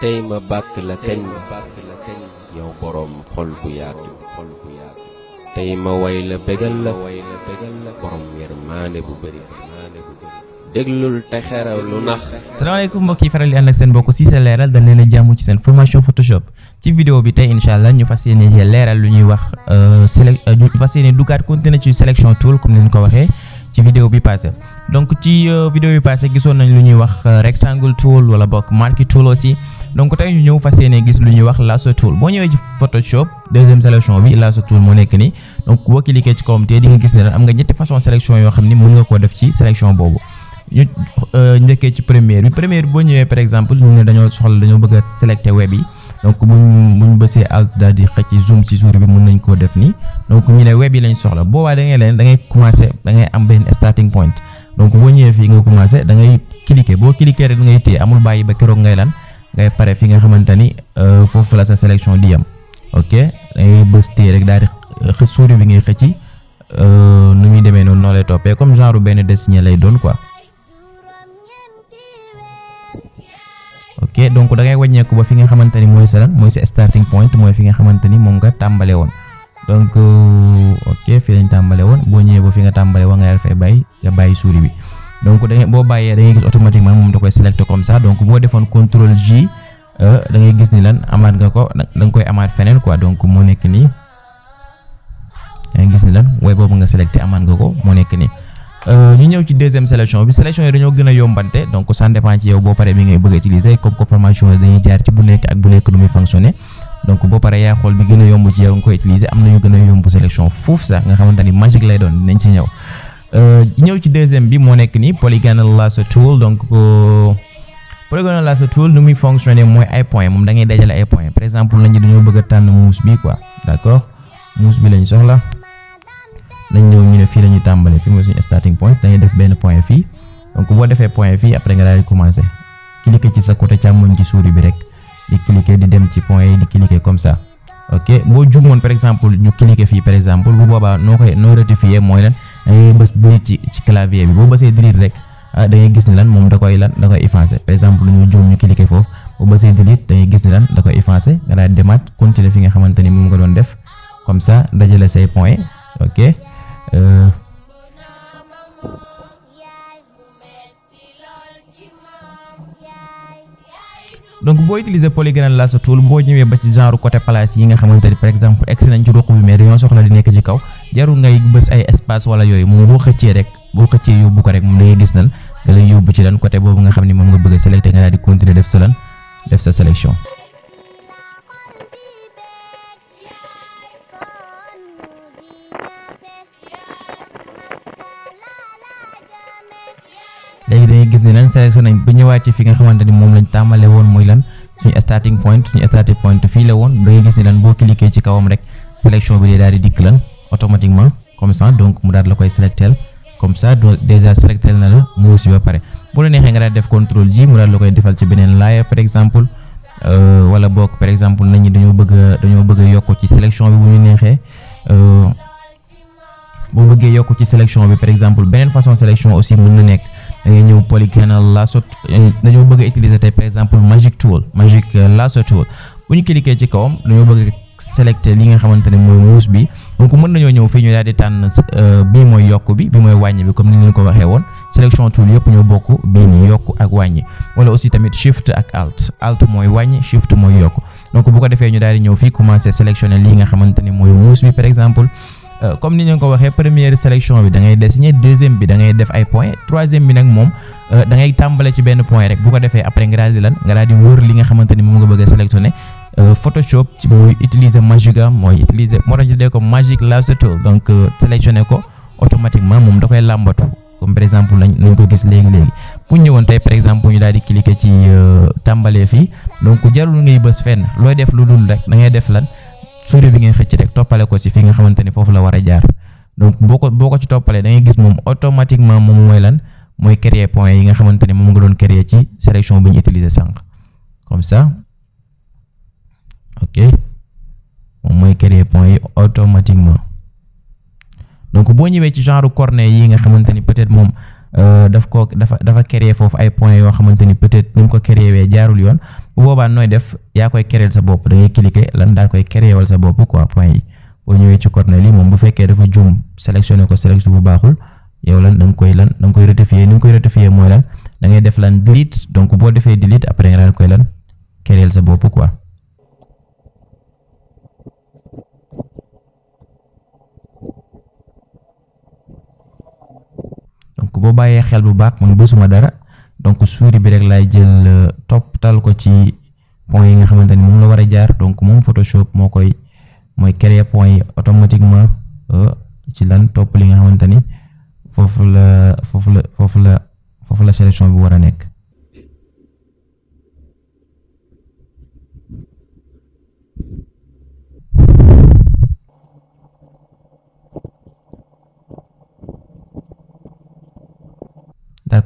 tey ma bàkk la kañ yow boroom xol bu ma way la bégal la boroom yërmaande bu bëri déglul te xerew lu nax salaamaaleykum mbokk yi faral di ànd ak seen mbokk Cissé Leral dal leen a jàmm ci seen formation photoshop ci vidéo bi tey incha allah ñu fas yéene leeral lu ñuy wax euh, sélec ñu euh, fas yéene dugaat continuer ci selection tool comme ni ñu ko waxee ci vidéo bi passé donc ci euh, vidéo bi passé gisoon nañ lu ñuy wax euh, rectangle tool wala bokk marquee tool aussi donc tey ñu ñëw fas yéene gis lu ñuy wax lasso tool boo ñëwee ci photoshop deuxième sélection bi lasso tool moo nekk nii donc boo cliqué ci kawam te di nga gis ne am nga ñetti façon sélection yoo xam ni mën nga koo def ci sélection boobu euh, njëkkee ci première bi première boo ñëwee par exemple ñu ne dañoo soxla dañoo bëgg a selecté web yi donc mu muñ bësee alt daal di xëcc zoom ci jour bi mun nañ koo def nii donc ñu ne web yi lañ soxla boobaa da ngay leen da ngay commencé da ngay am benn starting point donc boo ñëwee fii nga commencé da ngay cliquer boo cliquer rek da ngay téye amul bàyyi ba keroog ngay lan ngay pare fi nga xamante ni euh, foofu la sa sélection di yem ok da ngay bës téye rek daal di xëcc souris bi ngay xëcc euh, nu muy demee noonu noo lay toppee comme genre benn dessiné lay doon quoi. ok donc da ngay wàññeeku ba fi nga xamante ni mooy sa sa starting point mooy fi nga xamante ni moom nga tàmbale woon donc ok fii lañ tàmbale woon boo ñëwee ba fi nga tàmbale woon nga dafay bàyyi nga bàyyi souris bi donc da ngay boo bàyyee da ngay gis automatiquement moom da koy selecté comme ça donc boo defoon J euh, da ngay gis ni lan amaat nga ko da nga koy amaat feneen quoi donc moo nekk nii da gis ni lan way boobu nga selecté amaat nga ko moo nekk nii Euh, ñu ñëw ci deuxième sélection bi sélection yi dañoo gën a yombante donc ça dépend ci yow boo paree mi ngay bëgg a utiliser comme que formation dañuy jaar ci bu nekk ak bu nekk nu muy am na ñu gën a yomb euh, bi moo nekk ni polygonal lasso tool donc euh, polygonal lasso tool nu muy fonctionner mooy ay points moom da ngay dajale ay points par exemple lañu dañoo bëgg a tànn muus bi quoi d'accord muus bi lañ soxla. dañ ne fii la ñuy tàmbalee fi mooy suñu starting point dañuy def benn point fii donc boo defee point fii après nga daal di commencer cliquer ci sa côté càmmoñ ci souris bi rek di cliquer di dem ci point yi di comme ça ok boo juumoon par exemple ñu cliquer fii par exemple bu boobaa noo koy noo rectifier mooy lan da ngay bës delete ci ci clavier bi boo bësee delete rek ah, da gis ni lan moom da koy lan da koy effacer par exemple dañoo juum ñu cliquer foofu boo gis ni lan da koy effacer nga daal fi nga xamante ni moom nga doon def comme ça dajale say point ok Euh, donc boo utiliser polygonal lasso tool boo ñëwee ba ci genre côté place yi nga xamante ni par exemple egg nañ ci ruq bi mais dañoo soxla di nekk ci kaw jarul ngay bës ay espace wala yooyu moom boo xëccee rek boo xëccee yóbbu ko rek moom dangay gis nan da lay yóbbu ci lan côté boobu nga xam ne moom nga bëgg a sélecté nga daal di continuer def sa lan def sa sélection sélection nañ bu ñëwaat ci fi nga xamante ni moom lañ tàmmale woon muy lan suñu starting point suñu starting point fii la woon da ngay gis ni lan boo cliquer ci kawam rek sélection bi day daal di dikk lan automatiquement comme ça donc mu daal la koy selectel comme ça déjà selectel na la mu wusi ba pare bu la neexee nga daal def contrôle J mu daal la koy defal ci beneen laaya par exemple euh, wala boog par exemple nit ñi dañoo bëgg dañoo bëgg a yokk ci sélection bi bu ñu neexee euh, boo bëggee yokk ci sélection bi par exemple beneen façon sélection aussi mën na nekk da ngay ñëw polycanal lasso eh, dañoo bëgg a utiliser tey par exemple magic tool magic eh, lasso tool bu ñu cliquer ci kawam dañoo bëgg selecté li nga xamante ne mooy muus bi donc mën nañoo ñëw fii ñu daal di tànn eh, bii mooy yokk bi bi mooy wàññi bi comme ni leen ko waxee woon sélection tool yëpp ñu bokk bii nii yokk ak wàññi wala aussi tamit shift ak alt alt mooy wàññi shift mooy yokk donc bu ko defee ñu daal di ñëw fii commencé sélectionné li nga xamante ne mooy muus bi par exemple Euh, comme ni ñu ko waxee première sélection bi da ngay dessiné deuxième bi da ngay def ay point troisième bi nag moom euh, da ngay ci benn point rek bu ko defee après nga daal lan nga daal di wër li nga xamante ni moom nga bëgg a sélectionné euh, Photoshop ci mooy utiliser Magica mooy utiliser moo tax ñu tuddee ko Magic Lasso Tool donc sélectionné ko automatiquement moom da koy làmbatu comme par exemple lañ nañ ko gis léegi léegi bu ñëwoon tey par exemple ñu daal di cliquer ci tàmbalee fii donc jarul ngay bës fenn looy def lu dul rek da ngay def lan. suure bi ngay xëcc rek toppale ko si fi nga xamante ni foofu la war a jaar donc boo ko boo ko ci toppalee da ngay gis moom automatiquement moom mooy lan mooy créer point yi nga xamante ne nga doon créer ci sélection bi utiliser sànq comme ça ok moom mooy créer point yi automatiquement donc boo ñëwee ci genre cornet yi nga xamante peut-être Euh, daf ko dafa dafa créer foofu ay points yoo xamante ni peut-être ni mu ko créer wee jaarul yoon bu boobaa nooy def yaa koy créer sa bopp da ngay cliquer lan daal koy créer wal sa bopp quoi points yi boo ñëwee ci corner yi moom bu fekkee dafa juum sélectionné ko sélection bu baaxul yow lan da koy lan da nga koy rectifier ni nga koy rectifier mooy lan dangay def lan delete donc boo defee delete après nga daal koy lan kereel sa bopp quoi. boo bàyyee xel bu baax man bësuma dara donc souris bi rek laay jël euh, toppal ko ci point yi nga xamante ni moom la war a jaar donc moom Photoshop moo koy mooy créer point yi automatiquement euh, ci lan topp li nga xamante ni foofu la foofu la foofu la foofu la sélection bi war a nekk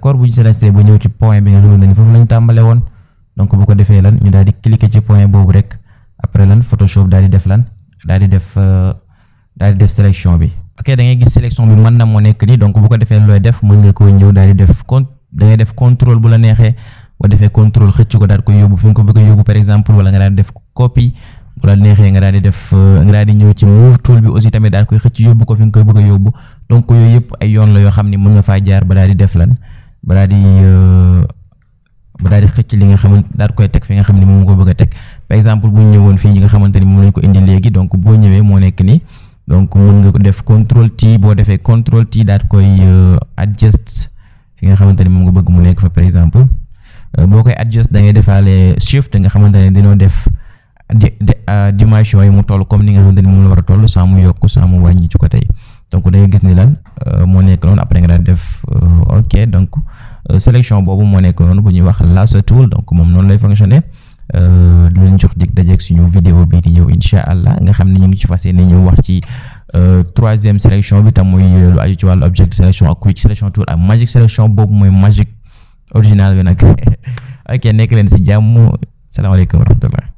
d'accord bu ñu si resté ba ñëw ci point bi nga xam ne foofu ko defee lan ñu daal di cliquer ci point boobu rek après lan Photoshop daal di def lan daal di def daal di def sélection bi ok da ngay gis sélection bi mën na moo nekk nii donc bu ko defee looy def mën nga ko ñëw daal di def con da ngay bu la neexee boo defee contrôle xëcc ko daal koy nga ko bëgg par exemple wala nga daal di def copie bu la neexee nga daal di def ñëw ci move tool bi aussi tamit daal koy xëcc yóbbu ko fi nga koy bëgg a yóbbu donc yooyu yëpp ay yoon la yoo xam ni mën nga faa jaar ba daal di def lan ba daal di euh, ba daal di xëcc li nga xamante daal koy teg fi nga xam ne moom ko bëgg a teg par exemple bu ñëwoon fii ñi nga xamante ni moom lañ ko indi léegi donc boo ñëwee nekk nii donc mën nga ko def contrôle T boo defee contrôle T daal koy euh, adjust fi nga xamante ni moom nga bëgg mu nekk fa par exemple euh, boo koy adjust da ngay defaale shift nga xamante ne dinoo def dimension yi mu toll comme ni nga xamante ni moom la war a toll saa mu yokk saa mu wàññi ci ko yi donc da gis ni lan Euh, moo nekk après nga daal def euh, ok donc euh, sélection bobu moo nekk noonu bu ñuy wax lasso tool donc mom non lay fonctionner di leen jox dig dajeeg suñu vidéo bi di ñëw inshallah nga xam ñu ngi ci fassé yéene ñëw wax ci euh 3 troisième sélection bi tam moy lu aju ci wàllu object sélection ak quick sélection tool ak magic sélection boobu mooy magic original bi nak ok nek leen ci jamm salam salaamaaleykum wa rahmatullah